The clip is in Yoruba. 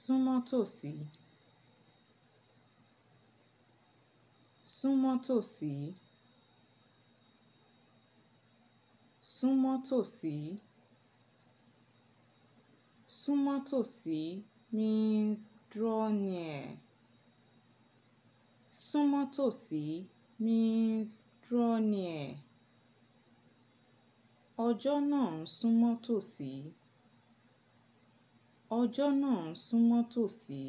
súnmọ́ tòsí súnmọ́ tòsí súnmọ́ tòsí súnmọ́ tòsí means draw near súnmọ́ tòsí means draw near ọjọ́ náà ń súnmọ́ tòsí ọjọ́ náà ń sún tòsí